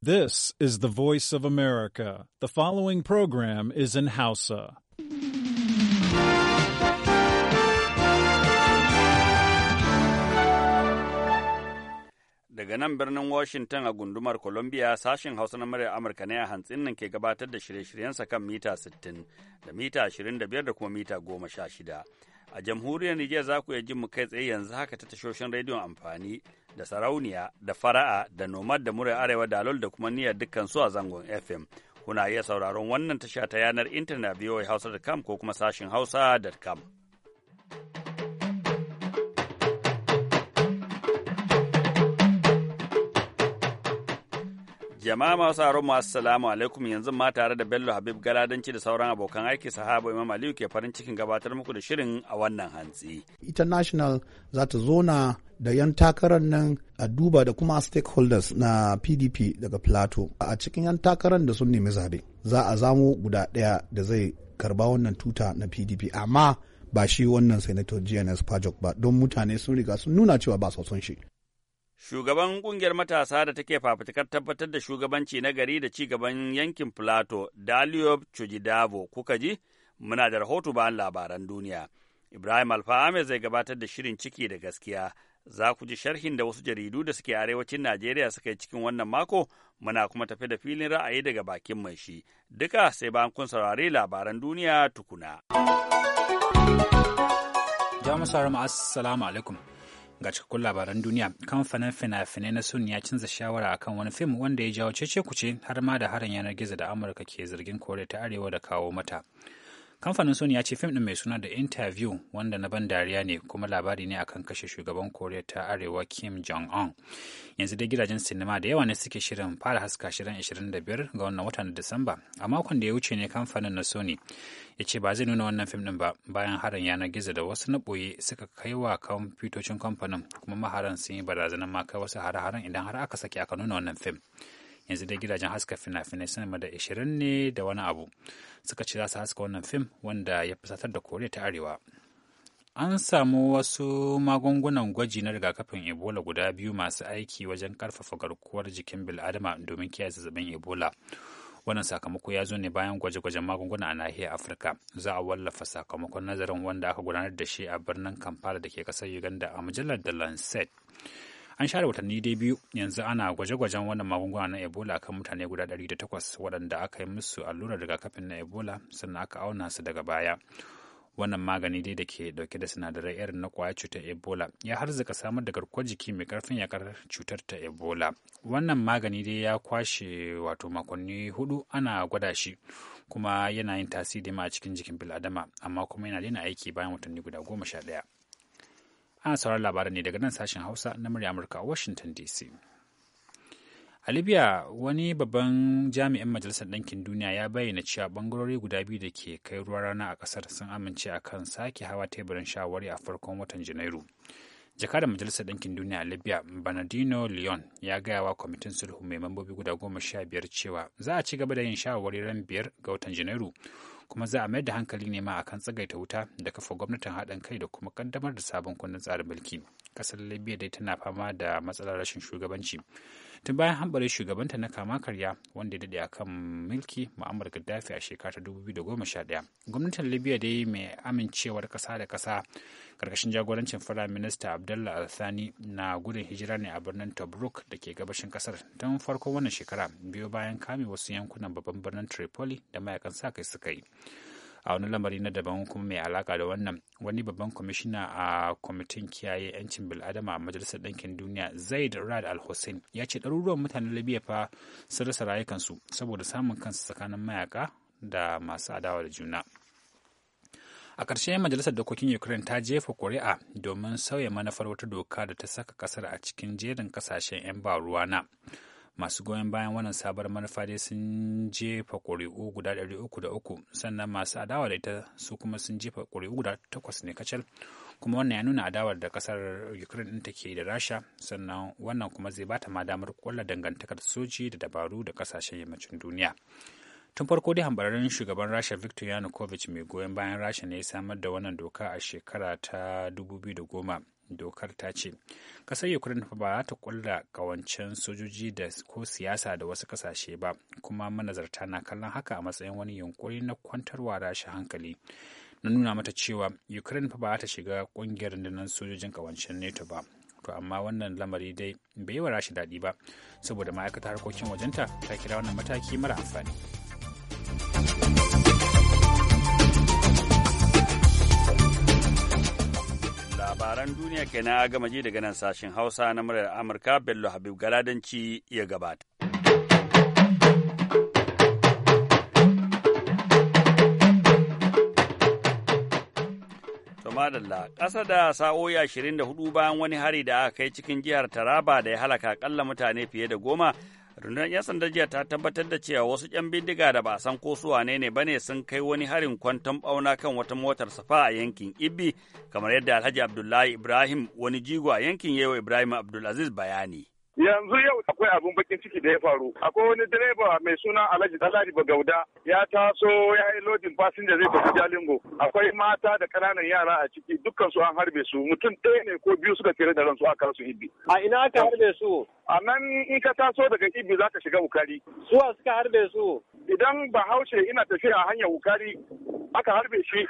This is the voice of America. The following program is in Hausa. Daga nan birnin Washington a gundumar Columbia sashen Hausa na murya Amurka ne a hantsin nan ke gabatar da shirye-shiryensa kan mita 60 da mita 25 da kuma mita 16. A jamhuriyar Nijar za ku iya jin mu kai tsaye yanzu haka ta tashoshin rediyon amfani. da sarauniya da fara'a da nomad da murai arewa da alol da kuma niyyar dukkan su a zangon fm kuna iya sauraron wannan tasha ta yanar intanet hausa.com ko kuma sashin hausa.com jama'a masu aron masu salamu alaikum yanzu ma tare da bello habib galadanci da sauran abokan aiki sahaba imam aliyu ke farin cikin gabatar muku da shirin a wannan hantsi international za ta zo na da 'yan takarar nan a duba da kuma stakeholders na pdp daga plateau a cikin 'yan takarar da sun nemi zaɓe za a zamo guda ɗaya da zai karba wannan tuta na pdp amma ba shi wannan senator gns pajok ba don mutane sun riga sun nuna cewa ba son shi Shugaban kungiyar matasa da take fafutukar tabbatar da shugabanci na gari da ci gaban yankin Plato, Dalio Chujidavo, kuka ji, muna da rahoto bayan labaran duniya. Ibrahim Alfa zai gabatar da shirin ciki da gaskiya. za ku ji sharhin da wasu jaridu da suke arewacin Najeriya suka yi cikin wannan mako muna kuma tafi da filin ra'ayi daga bakin mai shi duka sai bayan kun saurari labaran duniya tukuna. Jamusarar assalamu alaikum. Ga cikakkun labaran duniya, kamfanin fina-finai na Sun ya canza shawara akan wani fim wanda ya jawo cece kuce har ma da harin yanar gizo da Amurka ke zargin Koriya ta Arewa da kawo mata. kamfanin sony ya ce fim din mai suna da interview wanda na ban dariya ne kuma labari ne akan kashe shugaban koriya ta arewa kim jong un yanzu dai gidajen sinima da yawa ne suke shirin fara haska shirin 25 ga wannan watan disamba a makon da ya wuce ne kamfanin na sony ya ce ba zai nuna wannan fim din ba bayan harin yanar gizo da wasu na ɓoye suka kai wa kwamfutocin kamfanin kuma maharan sun yi barazanar ma kai wasu hare-haren idan har aka sake aka nuna wannan fim yanzu dai gidajen haska fina-finai sama da 20 ne da wani abu suka ce za su haska wannan fim wanda ya fusatar da koriya ta arewa an samu wasu magungunan gwaji na rigakafin ebola guda biyu masu aiki wajen karfafa garkuwar jikin bil'adama domin kiyaye zazzabin ebola wannan sakamako ya zo ne bayan gwaje-gwajen magunguna a nahiyar afirka za a wallafa sakamakon nazarin wanda aka gudanar da shi a birnin kampala da ke kasar uganda a mujallar the lancet an share watanni dai biyu yanzu ana gwaje-gwajen wannan magunguna na ebola kan mutane guda 800 waɗanda aka yi musu allurar rigakafin na ebola sannan aka auna su daga baya wannan magani dai da ke dauke da sinadarai irin na kwaya cutar ebola ya harzika samar da garkuwar jiki mai karfin yakar cutar ta ebola wannan magani dai ya kwashe wato makonni hudu ana gwada shi kuma yana yin tasiri ma a cikin jikin biladama amma kuma yana daina aiki bayan watanni guda goma sha ɗaya ana sauran labaran ne daga nan sashen hausa na murya amurka a washington dc a libya wani babban jami'in majalisar ɗinkin duniya ya bayyana cewa bangarori guda biyu da ke kai ruwa rana a ƙasar sun amince a kan sake hawa teburin shawari a farkon watan janairu da majalisar ɗinkin duniya a libya bernardino leon ya gaya wa kwamitin sulhu mai mambobi guda goma sha biyar cewa za a ci gaba da yin shawarwari ran biyar ga watan janairu kuma za a mayar da hankali ne ma akan tsagaita wuta da kafa gwamnatin haɗin kai da kuma kaddamar da sabon kundin tsarin mulki ƙasar libya dai tana fama da matsalar rashin shugabanci tun bayan hambare shugabanta na kama karya wanda ya daɗe kan mulki mu'ammar gaddafi a shekara ta 2011 gwamnatin libya dai mai amincewar ƙasa da ƙasa karkashin jagorancin fara minista abdullah althani na gudun hijira ne a birnin tobruk da ke gabashin ƙasar tun farko wannan shekara biyo bayan kame wasu yankunan babban birnin tripoli da mayakan sa kai suka yi a wani lamari na daban kuma mai alaka da wannan wani babban kwamishina a kwamitin kiyaye 'yancin bil'adama a majalisar ɗinkin duniya zaid rad al hussein ya ce ɗaruruwan mutanen libya fa sun rasa rayukansu saboda samun kansu tsakanin mayaka da masu adawa da juna a ƙarshe majalisar dokokin ukraine ta jefa kuri'a domin sauya manufar wata doka da ta saka ƙasar a cikin jerin ƙasashen 'yan ba ruwana masu goyon bayan wannan sabar manufa dai sun jefa ƙuri'u guda ɗari uku da uku sannan masu adawa da ita su kuma sun jefa ƙuri'u guda takwas ne kacal kuma wannan ya nuna adawar da ƙasar ukraine ɗin take da rasha sannan wannan kuma zai bata ma damar kwalla dangantakar soji da dabaru da ƙasashen yammacin duniya tun farko dai hambararren shugaban rasha victor yanukovych mai goyon bayan rasha ne ya samar da wannan doka a shekara ta 2010 dokar ta ce kasar ukraine ba ta kulla kawancen sojoji da ko siyasa da wasu kasashe ba kuma manazarta na kallon haka a matsayin wani yunkuri na kwantarwa rashin hankali na nuna mata cewa ukraine ba ta shiga kungiyar rundunar sojojin kawancen NATO ba to amma wannan lamari dai bai yi wa rashi daɗi ba saboda ma'aikatar harkokin wajenta ta kira wannan mataki mara amfani. labaran duniya ke na gama ji daga nan sashen Hausa na muryar Amurka Bello Habib Galadanci ya gabata. madalla ƙasa da sa'o'i ashirin da hudu bayan wani hari da aka kai cikin jihar taraba da ya halaka akalla mutane fiye da goma rundunar 'yan sanda jiya ta tabbatar da cewa wasu 'yan bindiga da ba san ko su wane ne bane sun kai wani harin kwanton bauna kan wata motar safa a yankin Ibbi kamar yadda Alhaji Abdullahi Ibrahim wani jigo a yankin Yewa Ibrahim Abdulaziz bayani. yanzu yau akwai abin bakin ciki da ya faru akwai wani direba mai suna alhaji dalari bagauda ya taso ya yi lodin fasinja zai tafi jalingo akwai mata da kananan yara a ciki dukkan su an harbe su mutum ɗaya ne ko biyu suka tere da ransu aka su ibi a ina aka harbe su a nan in ka taso daga ibi za ka shiga wukari suwa suka harbe su idan bahaushe ina tafiya a hanyar wukari aka harbe shi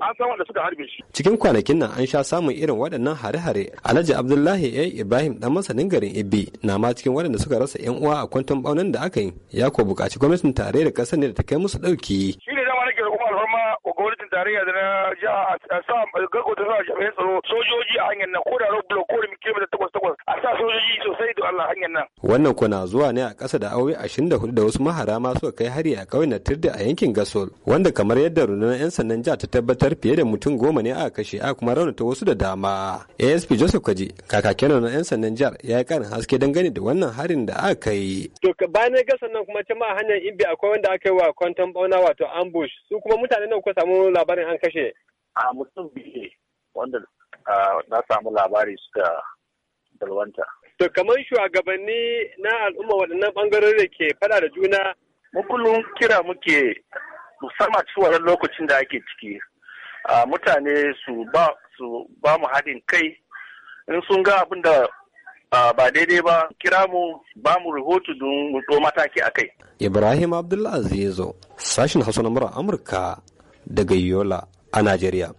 an san wanda suka harbe shi. Cikin kwanakin nan an sha samun irin waɗannan hare-hare. Alhaji Abdullahi A. Ibrahim ɗan masanin garin Ibbi na ma cikin waɗanda suka rasa 'yan uwa a kwanton ɓaunan da aka yi ya ko buƙaci gwamnatin tare da ƙasar ne da ta kai musu ɗauki. Shi ne zama nake da gwamnatin tarayya da na a sa sa jami'an tsaro sojoji a hanyar nan ko da roadblock ko da kilomita takwas takwas a sa sojoji sosai da Allah hanyar nan. Wannan kuna zuwa ne a ƙasa da aure ashirin da hudu da wasu mahara ma suka kai hari a ƙauyen Tirda a yankin Gasol wanda kamar yadda rundunar 'yan sandan ja ta tabbatar fiye da mutum goma ne a kashe a kuma raunata wasu da dama. ASP Joseph Kaji kakakin rundunar 'yan sandan jihar ya yi ƙarin haske dangane da wannan harin da aka yi. To bayan gasan nan kuma ta ma hanyar Imbi akwai wanda aka yi wa kwantan bauna wato ambush su kuma mutane nan kuka samu labarin an kashe? A mutum biyu wanda na samu labari suka dalwanta. To kamar shugabanni na al'umma waɗannan ɓangarori da ke faɗa da juna. Mukulun kullum kira muke musamman cikin lokacin da ake ciki. Mutane su ba su ba mu haɗin kai in sun ga abin da ba daidai ba kira mu ba mu rahoto don mu mataki a kai. Ibrahim Abdullah Azizo, sashin Hausa na Amurka daga Yola a Najeriya.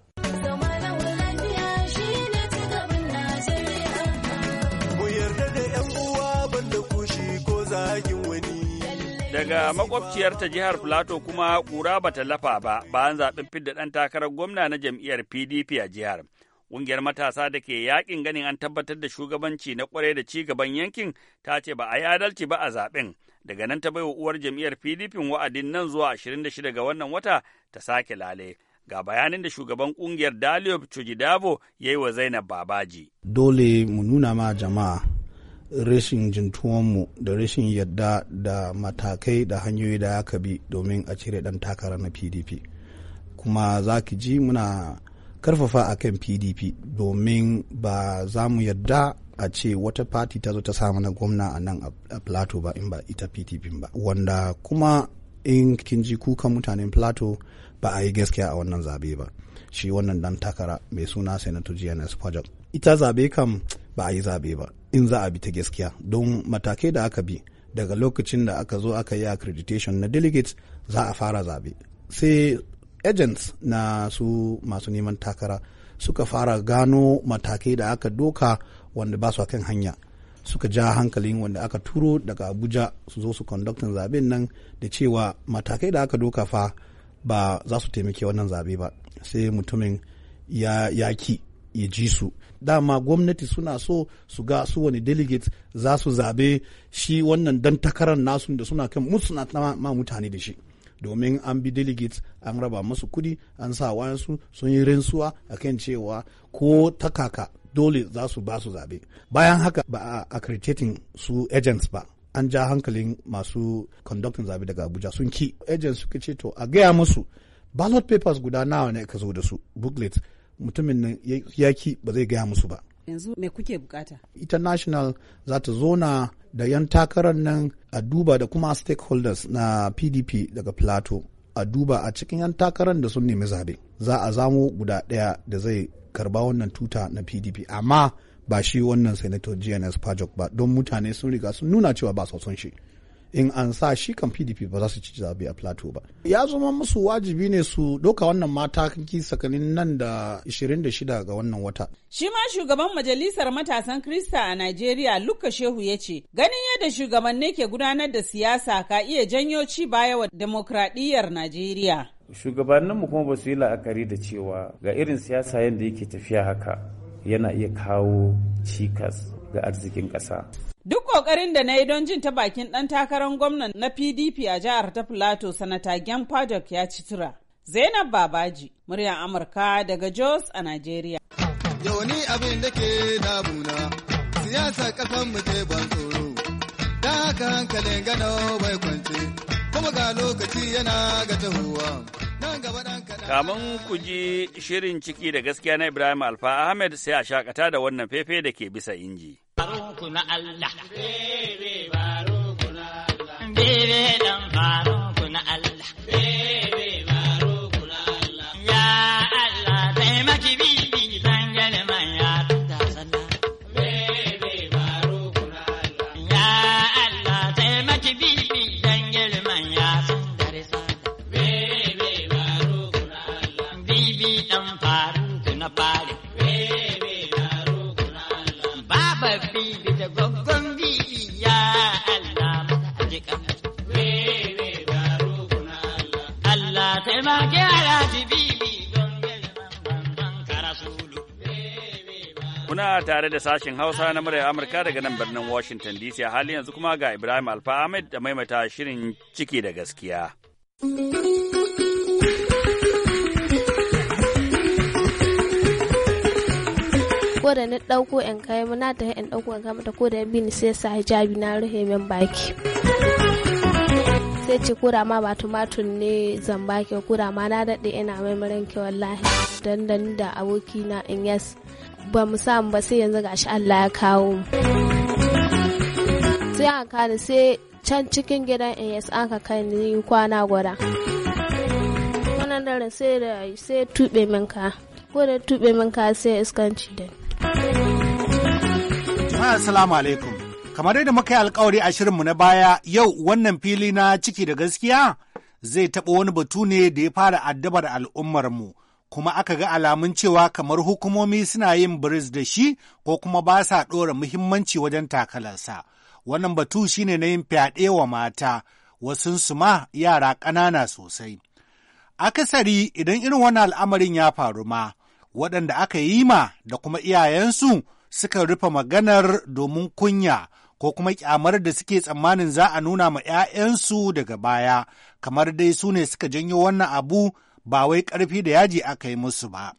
Daga makwabciyar ta jihar Filato kuma ƙura ta lafa ba bayan zaɓen fidda ɗan takarar gwamna na jam'iyyar PDP a jihar. Ƙungiyar matasa da ke yaƙin ganin an tabbatar da shugabanci na ƙwarai da ci gaban yankin ta ce ba a yi adalci ba a zaɓen. daga nan ta baiwa uwar jam'iyyar PDP wa'adin nan zuwa 26 ga wannan wata ta sake lale. Ga bayanin da shugaban kungiyar Dalio Chujidavo ya yi wa Zainab Babaji. Dole mu nuna ma jama'a rashin jintuwanmu da rashin yadda da matakai da hanyoyi da aka bi domin a cire ɗan takara na PDP. Kuma za ki ji muna karfafa a kan PDP domin ba za mu yadda a ce wata fati ta zo ta samu na gwamna a nan a plateau ba in ba ita pdp ba wanda kuma in kin ji kukan mutanen plateau ba a yi gaskiya a wannan zabe ba shi wannan dan takara mai suna senator gns project ita zabe kam ba a yi zabe ba in za a bi ta gaskiya don matakai da aka bi daga lokacin da aka zo aka yi accreditation na delegates za a fara zabe sai agents na su masu neman takara suka fara gano matakai da aka doka wanda ba su kan hanya suka ja hankalin wanda aka turo daga abuja su zo su konduktan zaben nan da cewa matakai da aka doka fa ba za su taimake wannan zabe ba sai mutumin ya yaki ya ji su dama gwamnati suna so su ga su wani delegate za su zabe shi wannan dan takarar nasu da suna kan musu na ma mutane da shi domin an bi delegates an raba masu kudi an sa wayansu sun yi rinsuwa akan cewa ko takaka dole za su ba su zaɓe bayan haka ba a accrediting su agents ba an ja hankalin masu conducting zaɓe daga abuja sun ki agents suka ce to a gaya musu ballot papers guda nawa ne ka zo da su booklet mutumin nan ya ki ba zai gaya musu ba yanzu me kuke bukata international za ta zona da yan takarar nan a duba da kuma stakeholders na pdp daga plateau a duba a cikin 'yan takarar da sun nemi zaɓe za a zamo guda ɗaya da zai karba wannan tuta na pdp amma ba shi wannan senator gns pajok ba don mutane sun riga sun nuna cewa ba son shi in an sa shi kan pdp ba za su ci zabe a plateau ba ya zama musu wajibi ne su doka wannan mata kanki tsakanin nan da 26 ga wannan wata shi ma shugaban majalisar matasan krista a nigeria luka shehu ya ce ganin yadda shugabanni ke gudanar da siyasa ka iya janyo ci baya wa demokradiyyar nigeria shugabanninmu kuma ba su yi la'akari da cewa ga irin siyasa yadda yake tafiya haka yana iya kawo cikas ga arzikin ƙasa. Duk ƙoƙarin da na yi don jin ta bakin ɗan takarar gwamnan na PDP a jihar ta Filato, Sanata Gyan ya ci tura. Zainab Babaji, murya Amurka daga Jos a Najeriya. Yawani abin da ke damuna, siyasa ƙasan mu ke ban tsoro, da haka hankalin gano bai kwance, kuma ga lokaci yana ga tahowa. Kamun ku ji shirin ciki da gaskiya na Ibrahim Alfa Ahmed sai a shakata da wannan fefe da ke bisa inji. Allah. Allah. Ya Allah taimaki bi kuna tare da sashen Hausa na murya Amurka daga nan birnin Washington DC a hali yanzu kuma ga Ibrahim Alfa Ahmed da maimaita shirin ciki da gaskiya. ko da na ɗauko yan kai mu na tafi ɗauko ‘yan kai mata ko da bi sai sa hijabi na rufe min baki sai ce kura ma ba tumatun ne zan baki kura ma na daɗe ina mai maranki wallahi dandan da abokina in yas ba mu samu ba sai yanzu gashi Allah ya kawo mu sai aka kani sai can cikin gidan AS aka kai ni kwana gwada wannan dare sai da sai tube min ka ko da tube min ka sai iskanci da jama'a assalamu alaikum kamar yadda muka yi alkawari a shirinmu na baya yau wannan fili na ciki da gaskiya zai taɓa wani batu ne da ya fara addabar al'ummar mu kuma aka ga alamun cewa kamar hukumomi suna yin biris da shi ko kuma ba sa ɗora muhimmanci wajen takalarsa. Wannan batu shine na yin fyaɗe wa mata, wasunsu ma yara ƙanana sosai. Akasari idan irin wani al'amarin ya faru ma, waɗanda aka yi ma da kuma iyayensu suka rufe maganar domin kunya ko kuma kyamar da suke tsammanin za a nuna ma 'ya'yansu daga baya, kamar dai su ne suka janyo wannan abu ba wai ƙarfi da yaji aka yi musu ba.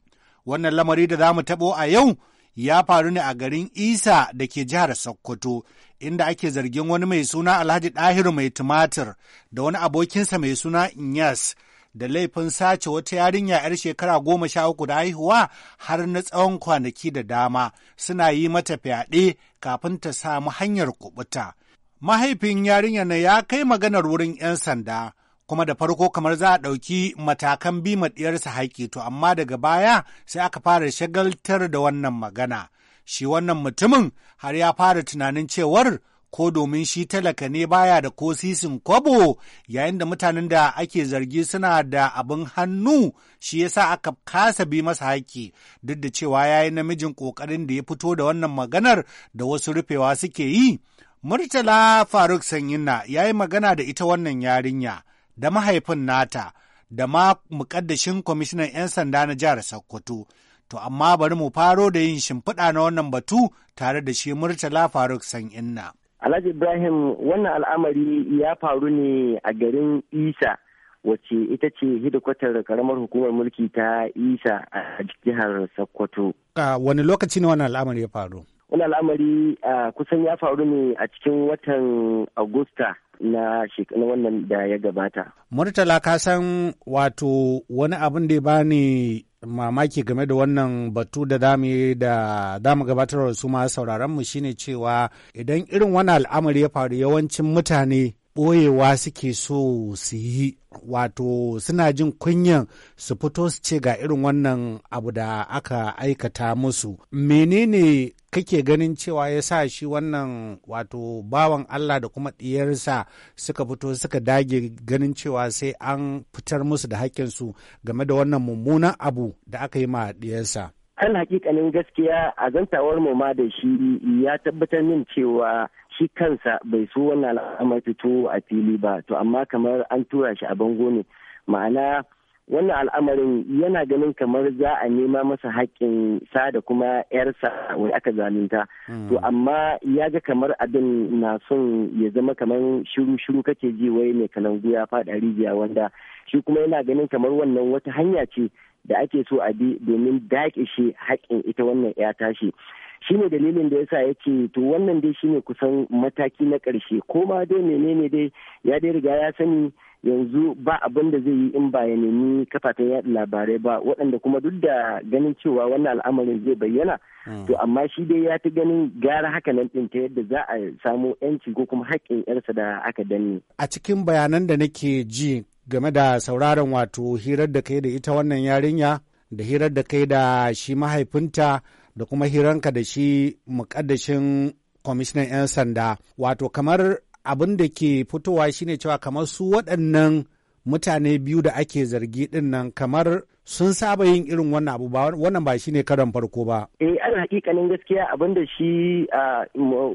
Wannan lamari da za mu taɓo a yau ya faru ne a garin Isa da ke jihar Sokoto, inda ake zargin wani mai suna Alhaji Ɗahiru mai tumatir da wani abokinsa mai suna Inyas da laifin sace wata yarinya 'yar shekara goma sha uku da haihuwa har na tsawon kwanaki da dama suna yi mata fyaɗe kafin ta samu hanyar kubuta. Mahaifin yarinya na ya kai maganar wurin 'yan sanda, kuma da farko kamar za a ɗauki matakan bi ɗiyarsa haƙƙi to amma daga baya sai aka fara shagaltar da wannan magana. Shi wannan mutumin har ya fara tunanin cewar ko domin shi talaka ne baya da ko sisin kwabo yayin da mutanen da ake zargi suna da abin hannu shi yasa aka kasa bi masa haƙƙi duk da cewa ya yi namijin ƙoƙarin da ya fito da wannan maganar da wasu rufewa suke yi. Murtala Faruk Sanyina ya yi magana da ita wannan yarinya da mahaifin nata da ma mukaddashin kwamishinan 'yan sanda na jihar Sokoto. To amma bari mu faro da yin shimfiɗa na wannan batu tare da shi Murtala Faruk san Inna. Alhaji Ibrahim wannan al'amari ya faru ne a garin Isa wacce ita ce hidikwatar karamar hukumar mulki ta Isa a jihar Sokoto. wani lokaci ne wannan al'amari ya faru? wani al'amari kusan ya faru ne a cikin watan agusta na wannan da ya gabata murtala ka san wato wani abin da ya bani mamaki game da wannan batu da dami da damu gabatar su ma sauraron mu shine cewa idan irin wani al'amari ya faru yawancin mutane ɓoyewa suke so su yi wato suna jin kunyan su fito su ce ga irin wannan abu da aka aikata musu menene kake ganin cewa ya sa shi wannan wato bawan Allah da kuma ɗiyarsa suka fito suka dage ganin cewa sai an fitar musu da su game da wannan mummunan abu da aka yi ma ɗiyarsa. kan hakikanin gaskiya a zantawar mu ma da shi ya tabbatar min cewa shi kansa bai so wannan al'amari fito a fili ba to amma kamar an tura shi a bango ne ma'ana wannan al'amarin yana ganin kamar za a nema masa haƙƙin sa da kuma 'yarsa wani aka zalunta to hmm. amma ya ga kamar abin na son ya zama kamar shiru-shiru kake ji wai mai kalangu ya faɗa rijiya wanda shi kuma yana ganin kamar wannan wata hanya ce da ake so a bi domin daƙe shi haƙƙin ita wannan 'ya tashi shi ne dalilin da yasa ya ce to wannan dai shine kusan mataki na ƙarshe ko ma dai menene dai ya dai riga ya sani yanzu ba abin da zai yi in ba ya nemi kafafen yaɗa labarai ba waɗanda kuma duk da ganin cewa wannan al'amarin zai bayyana hmm. to amma shi dai ya fi ganin gara haka nan ɗin ta yadda za a samu yanci ko kuma haƙƙin yarsa da aka danne. a cikin bayanan da nake ji game da sauraron wato hirar da kai da ita wannan yarinya da hirar da kai da shi mahaifinta da kuma hiranka da shi mukaddashin kwamishinan 'yan sanda wato kamar abin da ke fitowa shine cewa kamar su waɗannan mutane biyu da ake zargi ɗin nan kamar sun saba yin irin wannan abu ba wannan ba shine karon farko ba eh an hakikanin gaskiya abinda shi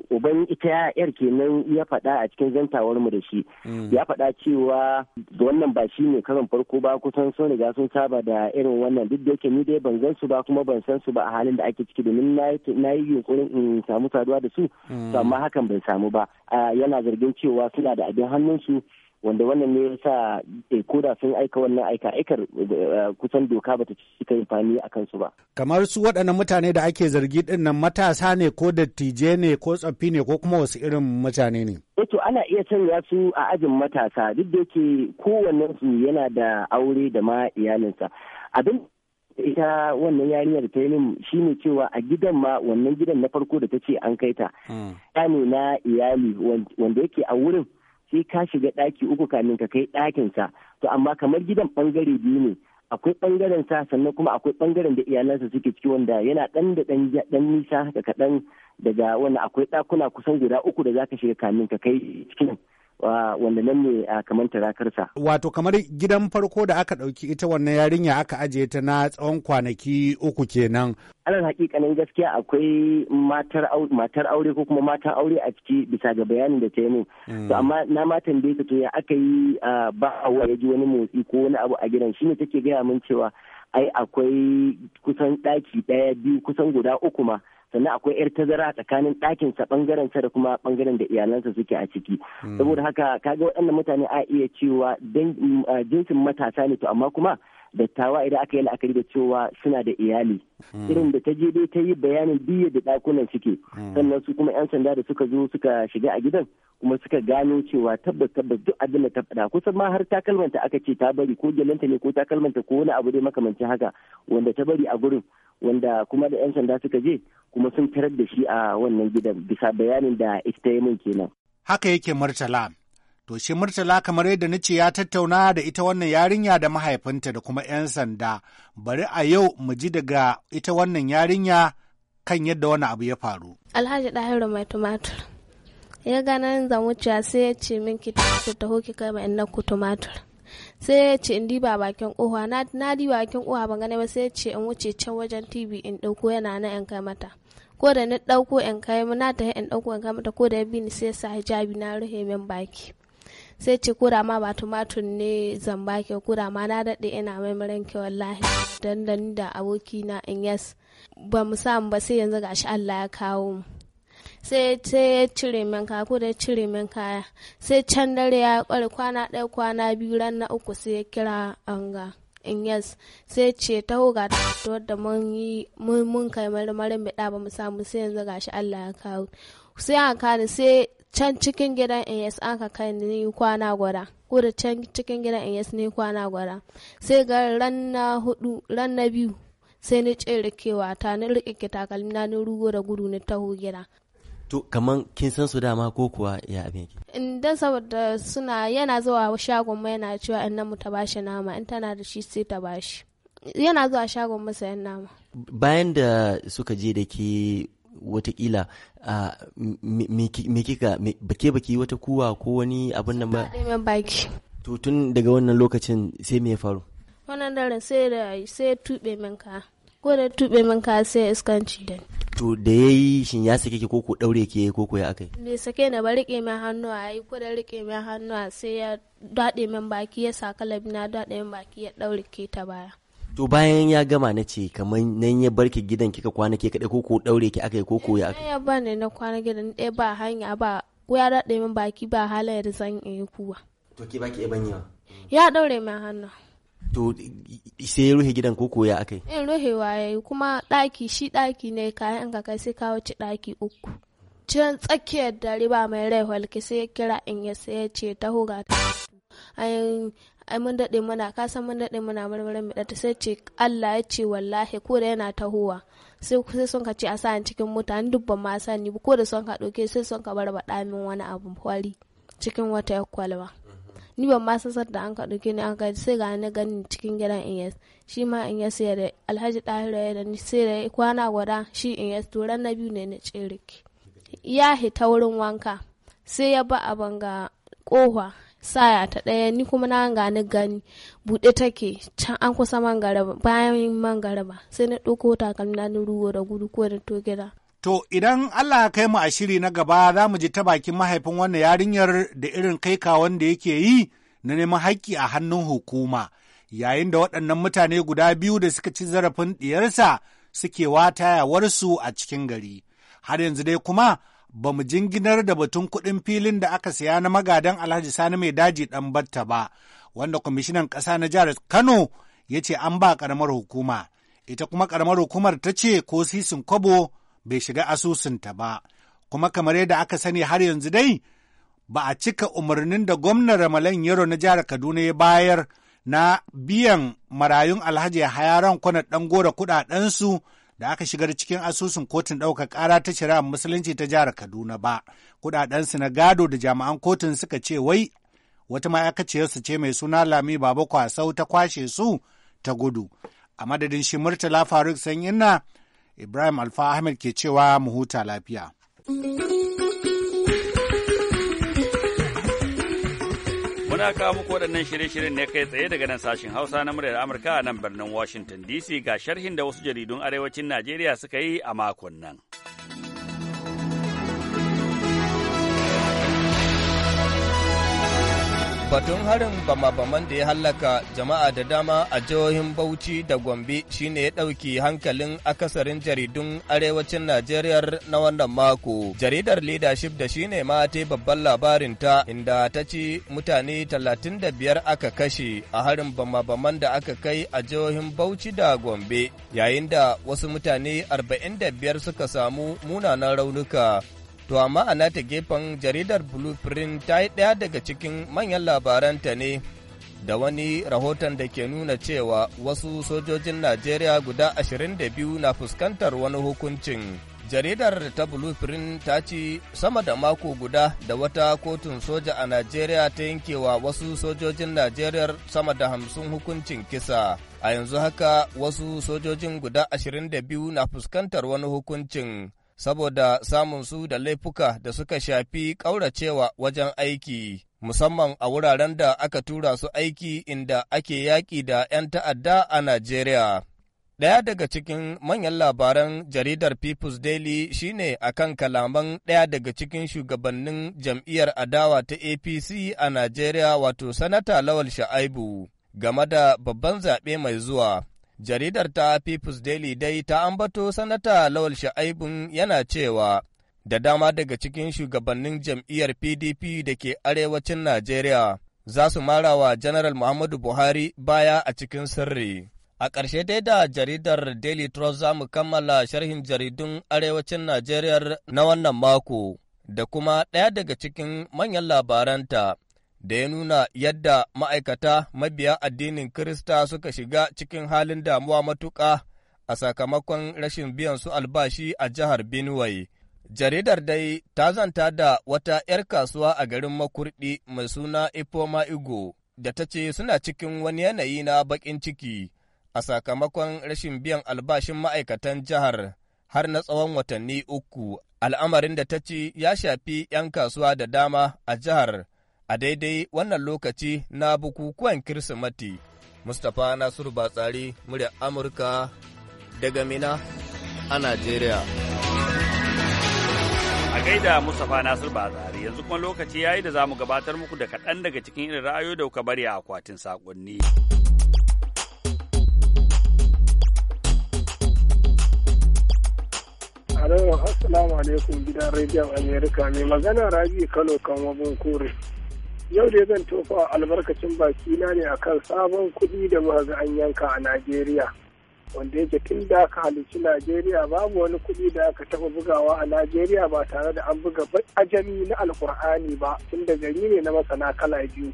uban ita yar kenan ya faɗa a cikin zantawar mu da shi mm. ya faɗa cewa wannan ba shine karon farko ba kusan sun riga sun saba da irin wannan duk da yake ni dai ban zan su ba kuma ban san su ba a halin da ake ciki domin na yi yunkurin in samu saduwa da su mm. amma hakan ban samu ba yana zargin cewa suna da abin hannun su wanda wannan ne yasa ko da sun aika wannan aika aikar eh, kusan doka bata cika yin amfani a kansu ba kamar su waɗannan mutane da ake zargi din nan matasa ne ko dattije ne ko tsaffi ne ko kuma wasu irin mutane ne eh, to ana iya canza su a ajin matasa duk da yake kowannen su yana da aure da ma iyalinsa abin ita wannan yarinyar ta yi shine cewa a gidan ma wannan gidan na farko da ta ce an kai ta hmm. ya ne na iyali wanda yake a wurin sai ka shiga ɗaki uku kamin ka kai sa to amma kamar gidan ɓangare biyu ne akwai ɓangaren sa sannan kuma akwai bangaren da iyalansa suke ciki wanda yana ɗan da ɗan nisa da kaɗan daga wannan akwai ɗakuna kusan guda uku da zaka shiga kamin ka kai cikin wanda nan ne kamar tarakarsa. Wato kamar gidan farko da aka ɗauki ita wannan yarinya aka ajiye ta na tsawon kwanaki uku kenan. Alal hakikanin gaskiya akwai matar aure ko kuma matan aure a ciki bisa ga bayanin da ta yi min. Mm. To amma na matan da ya ya aka yi ba a ya ji wani motsi ko wani abu a gidan shine take gaya min cewa ai akwai kusan ɗaki ɗaya biyu kusan guda uku ma sannan akwai yar tazara tsakanin ɗakin sa bangaren sa da kuma bangaren da iyalansa suke a ciki hmm. saboda haka kaga waɗannan mutane a iya cewa mm, jinsin matasa ne to amma kuma dattawa idan aka yi la'akari da cewa suna da iyali hmm. irin da ta je dai ta yi bayanin biye da dakunan suke hmm. sannan su kuma yan sanda da suka zo suka shiga a gidan kuma suka gano cewa tabbas tabbas duk abin da ta faɗa kusan ma har takalmanta aka ce ta bari ko gelanta ne ko takalmanta ko wani abu dai makamancin haka wanda ta bari a gurin wanda kuma da yan sanda suka je kuma sun tarar da shi a wannan gidan bisa bayanin da ita ta yi min kenan haka yake martala. To shi Murtala kamar yadda na ce ya tattauna da ita wannan yarinya da mahaifinta da kuma 'yan sanda. Bari a yau mu ji daga ita wannan yarinya kan yadda wani abu ya faru. Alhaji Dahiru mai tumatur. Ya gana zan zamuciya sai ya ce min ki ta hoki kai ma ina ku tumatur. Sai ya ce in diba bakin kowa na diba bakin kowa ban gane ba sai ya ce in wuce can wajen TV in ɗauko yana na in kai mata. Ko da ni ɗauko in kai in kai mata ko da ya bi ni sai ya sa hijabi na rufe min baki. sai ce kura ma ba tumatur ne zamba ke kura ma na daɗe ina maimiran ke wallahi dandan da aboki na in yes ba mu samu ba sai yanzu gashi Allah ya kawo mu sai ya cire min kaya ko da ya cire min kaya sai can dare ya kware kwana ɗaya kwana biyu ran na uku sai ya kira anga in yes sai ce ta hoga ta wadda mun yi mun kai marmarin bida ba mu samu sai yanzu gashi Allah ya kawo sai aka kani sai can cikin gidan inyas aka kai ni kwana gwada kuda can cikin gidan inyas ni kwana gwada sai ga ran na hudu ran na biyu sai ni ce rikewa ta ni rikike takalmi na ni rugo da gudu ni taho gida to kaman kin san su dama ko kuwa ya abin ki? in da saboda suna yana zuwa shagon mai yana cewa in mu ta bashi nama in tana da shi sai ta bashi yana zuwa shagon masayan nama bayan da suka je da ke watakila me kika bake baki wata kuwa ko wani abin nan ba baki to tun daga wannan lokacin sai me ya faru wannan daren sai da sai tube min ka ko da tube min ka sai iskanci da to da yayi shin ya sake ki koko daure ki ko ko ya akai me sake na ba rike min hannu a ko da rike min hannu a sai ya dade min baki ya sa kalabi na dade min baki ya daure ke ta baya to bayan ya gama na ce kamar nan ya barke gidan kika kwana ke kaɗai koko ɗaure ki aka yi koko ya aka ya ba ne na kwana gidan ɗaya ba hanya ba ko ya daɗe min baki ba halayyar zan zan yi kuwa to ke baki ibanya ya ɗaure min hannu to sai ya ruhe gidan koko ya aka yi in eh, ruhewa ya yi kuma ɗaki shi ɗaki ne kayan ka kai sai kawo ci ɗaki uku can tsakiyar dare ba mai rai walke sai ya kira in ya sai ya ce taho ga ta. ai mun daɗe muna ka san mun daɗe muna marmarin mai ɗata sai ce Allah ya ce wallahi ko da yana tahowa sai sai son ka ce a san cikin mutane dubban ma sani ko da son ka ɗauke sai son ka bar wani abu kwari cikin wata ya kwalba ni ban ma san da an ka ɗauke ni an ka sai ga ni gani cikin gidan Inyas shi ma Inyas ya da Alhaji Tahiru ya da ni sai da kwana gwada shi Inyas to ran na biyu ne na tsiriki ya hita wurin wanka sai ya ba a banga saya ta ɗaya ni kuma na gani gani buɗe take can an kusa mangaraba bayan mangaraba sai na ɗauko takalmi na ruwa da gudu ko da to gida. To idan Allah ya kai mu a shiri na gaba za mu ji ta bakin mahaifin wannan yarinyar da irin kai kawon da yake yi na neman haƙƙi a hannun hukuma yayin da waɗannan mutane guda biyu da suka ci zarafin ɗiyarsa suke watayawarsu a cikin gari. Har yanzu dai kuma ba mu jinginar da batun kuɗin filin da aka siya na magadan Alhaji Sani mai daji ɗan batta ba, wanda kwamishinan ƙasa na jihar Kano ya ce an ba ƙaramar hukuma. Ita kuma ƙaramar hukumar ta ce ko sisin kwabo bai shiga asusunta ba, kuma kamar yadda aka sani har yanzu dai ba a cika umarnin da gwamnan Ramalan Yaro na jihar Kaduna ya bayar na biyan marayun Alhaji Hayaran ɗan gora kuɗaɗensu da aka shigar cikin asusun kotun ɗaukar ƙara ta shari'ar musulunci ta jihar Kaduna ba. su na gado da jami'an kotun suka ce wai wata ma'aikaciyarsu ce mai suna Lami Baba Kwasau ta kwashe su ta gudu. A madadin shi Murtala Faruk Sanyinna, Ibrahim Alfa Ahmed ke cewa mu huta lafiya. Muna kawo muku waɗannan shirye-shiryen ne kai tsaye daga nan sashen Hausa na muryar Amurka a nan birnin Washington DC ga sharhin da wasu jaridun arewacin Najeriya suka yi a makon nan. Batun harin bama-baman da ya hallaka jama'a da dama a jihohin Bauchi da Gombe shine ya ɗauki hankalin akasarin jaridun arewacin Najeriya na wannan mako. Jaridar Leadership da shine ma ta babban labarinta inda ta ci mutane 35 aka kashe a harin bama-baman da aka kai a jihohin Bauchi da Gombe, yayin da wasu mutane 45 suka samu munanan raunuka. To amma a nata gefen jaridar Blueprint ta yi ɗaya daga cikin manyan labaranta ne da wani rahoton da ke nuna cewa wasu sojojin Najeriya guda 22 na fuskantar wani hukuncin. Jaridar ta Blueprint ta ci sama da mako guda da wata kotun soja a Najeriya ta yankewa wasu sojojin Najeriya sama da hamsin hukuncin kisa. A yanzu haka wasu sojojin guda 22 na fuskantar wani hukuncin. saboda samun su da laifuka da suka shafi ƙauracewa wajen aiki, musamman a wuraren da aka tura su aiki inda ake yaƙi da ‘yan ta'adda a Najeriya. Ɗaya daga cikin manyan labaran jaridar People's Daily shine akan kalaman ɗaya daga cikin shugabannin jam'iyyar adawa ta APC a Najeriya wato Sanata Lawal Sha'aibu game da babban zaɓe mai zuwa. Jaridar ta People's Daily dai ta ambato sanata Lawal Sha'aibun yana cewa da dama daga cikin shugabannin jam'iyyar PDP da ke arewacin Najeriya za su wa General Muhammadu Buhari baya a cikin sirri. A ƙarshe dai da jaridar Daily Trust za mu kammala sharhin jaridun arewacin Najeriya na wannan mako da kuma ɗaya daga cikin manyan labaranta da ya nuna yadda ma'aikata mabiya addinin Kirista suka shiga cikin halin damuwa matuƙa a sakamakon rashin biyan su albashi a jihar Benue. Jaridar dai ta zanta da wata 'yar kasuwa a garin makurdi mai suna Ifoma Igo da ta ce suna cikin wani yanayi na baƙin ciki a sakamakon rashin biyan albashin ma'aikatan jihar har na tsawon watanni uku, al'amarin da ta ce ya shafi 'yan kasuwa da dama a jihar. a daidai wannan lokaci na bukukuwan Kirsimati. Mustapha Nasiru Batsari, murya Amurka daga Mina a Najeriya. A gaida Mustapha Nasiru Batsari, yanzu kuma lokaci yayi da zamu gabatar muku da kaɗan daga cikin irin ra'ayoyi da kuka bari a akwatin saƙonni. Assalamu alaikum gidan rediyon Amerika mai magana Rabi Kano kan wabin yau da zan tofa albarkacin baki na ne akan sabon kuɗi da muka an yanka a najeriya wanda yake tun da aka halici najeriya babu wani kuɗi da aka taɓa bugawa a najeriya ba tare da an buga ajami na alkur'ani ba tun da gari ne na masana kala biyu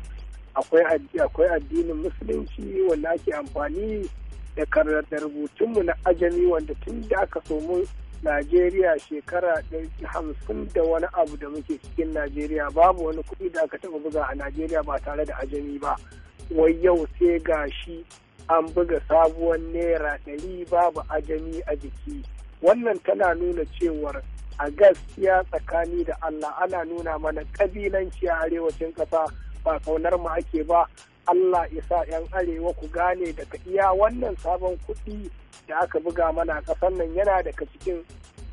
akwai addinin musulunci wanda ake amfani da da rubutunmu na ajami wanda tun da aka mu. Najeriya shekara ɗari hamsin da wani abu da muke cikin Najeriya babu wani kuɗi da aka taɓa buga a Najeriya ba tare da ajami ba. Wai yau sai ga shi an buga sabuwar naira ɗari babu ajami a jiki. Wannan tana nuna cewar a gaskiya tsakani da Allah ana nuna mana ƙabilanci a arewacin ƙasa ba kaunar mu ake ba Allah isa 'yan arewa ku gane daga iya wannan sabon kuɗi da aka buga mana ƙasar nan yana daga cikin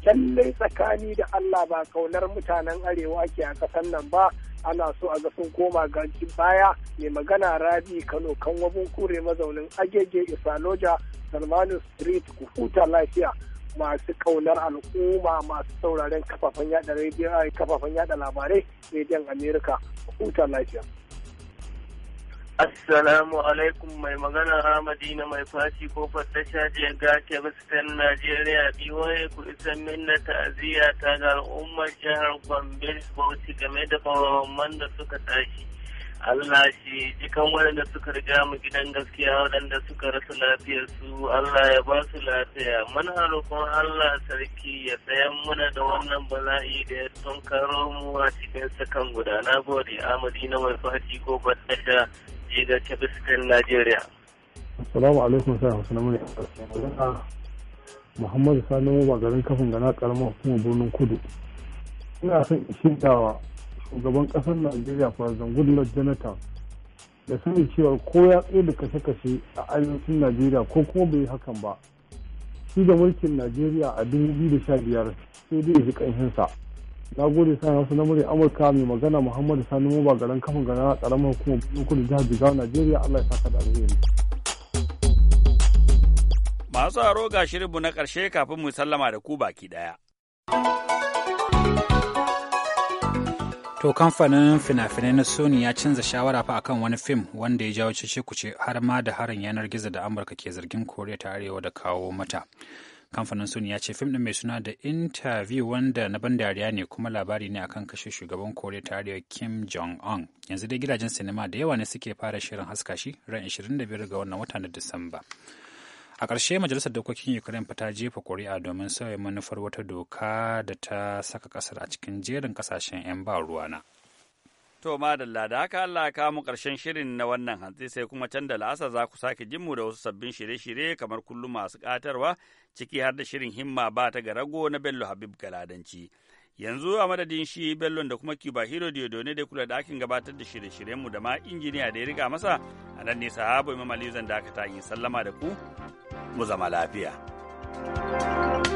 kyallai tsakani da Allah ba kaunar mutanen arewa ake a ƙasar nan ba ana so a ga sun koma ganci baya mai magana rabi kano kan wabin kure mazaunin agege isaloja salmanu street ku huta lafiya masu kaunar al'umma masu sauraren kafafen yada labarai rediyon america huta lafiya Assalamu alaikum mai magana na mai fashi ko fattasha jiya ga Kebistan Najeriya biyoye ku isan minna ta'aziyya ta ga al'ummar jihar Gombe Bauchi game da bawamman da suka tashi. Allah shi jikan waɗanda suka riga mu gidan gaskiya waɗanda suka rasa lafiyarsu Allah ya ba su lafiya mun harukun Allah sarki ya tsayan muna da wannan bala'i da ya tunkaro mu a cikin sakan guda na gode amadi na mai fashi ko fattasha Najeriya. Salamu alaikum Muhammadu Sani ba garin kafin gana karamar hukumar birnin Kudu. Ina son wa shugaban ƙasar Najeriya Farzan Goodluck Jonathan da sani cewa ko ya tsaye da kashe-kashe a ayyukan Najeriya ko kuma bai yi hakan ba. Shi da mulkin Najeriya a 2015 sai dai ya ji ƙanshinsa. na gode sa hausa na murya amurka mai magana muhammadu sani muba garin kafin a karamar hukumar birnin kudu jihar jigawa najeriya allah ya saka da alheri masu haro ga shirinmu na karshe kafin mu sallama da ku baki ɗaya. To kamfanin fina-finai na Sony ya canza shawara fa akan wani fim wanda ya jawo cece kuce har ma da harin yanar gizo da Amurka ke zargin Koriya ta Arewa da kawo mata. kamfanin sony ya ce fim din mai suna da interview wanda na ban dariya ne kuma labari ne akan kashe shugaban koriya ta arewa kim jong un yanzu dai gidajen sinima da yawa ne suke fara shirin haska shi ran 25 ga wannan watan na disamba a ƙarshe majalisar dokokin ukraine ta jefa kuri'a domin sauya manufar wata doka da ta saka ƙasar a cikin jerin ƙasashen 'yan ba ruwana To madalla da haka Allah ya kawo mu ƙarshen shirin na wannan hantsi sai kuma can da la'asa za ku sake jin mu da wasu sabbin shirye-shirye kamar kullum masu ƙatarwa ciki har da shirin himma ba ta ga rago na Bello Habib Galadanci. Yanzu a madadin shi Bello da kuma Kiba Hero ne da kula da gabatar da shirye-shiryen mu da ma injiniya da ya riga masa a nan ne sahabo Imam Ali zan dakata yi sallama da ku mu zama lafiya. thank you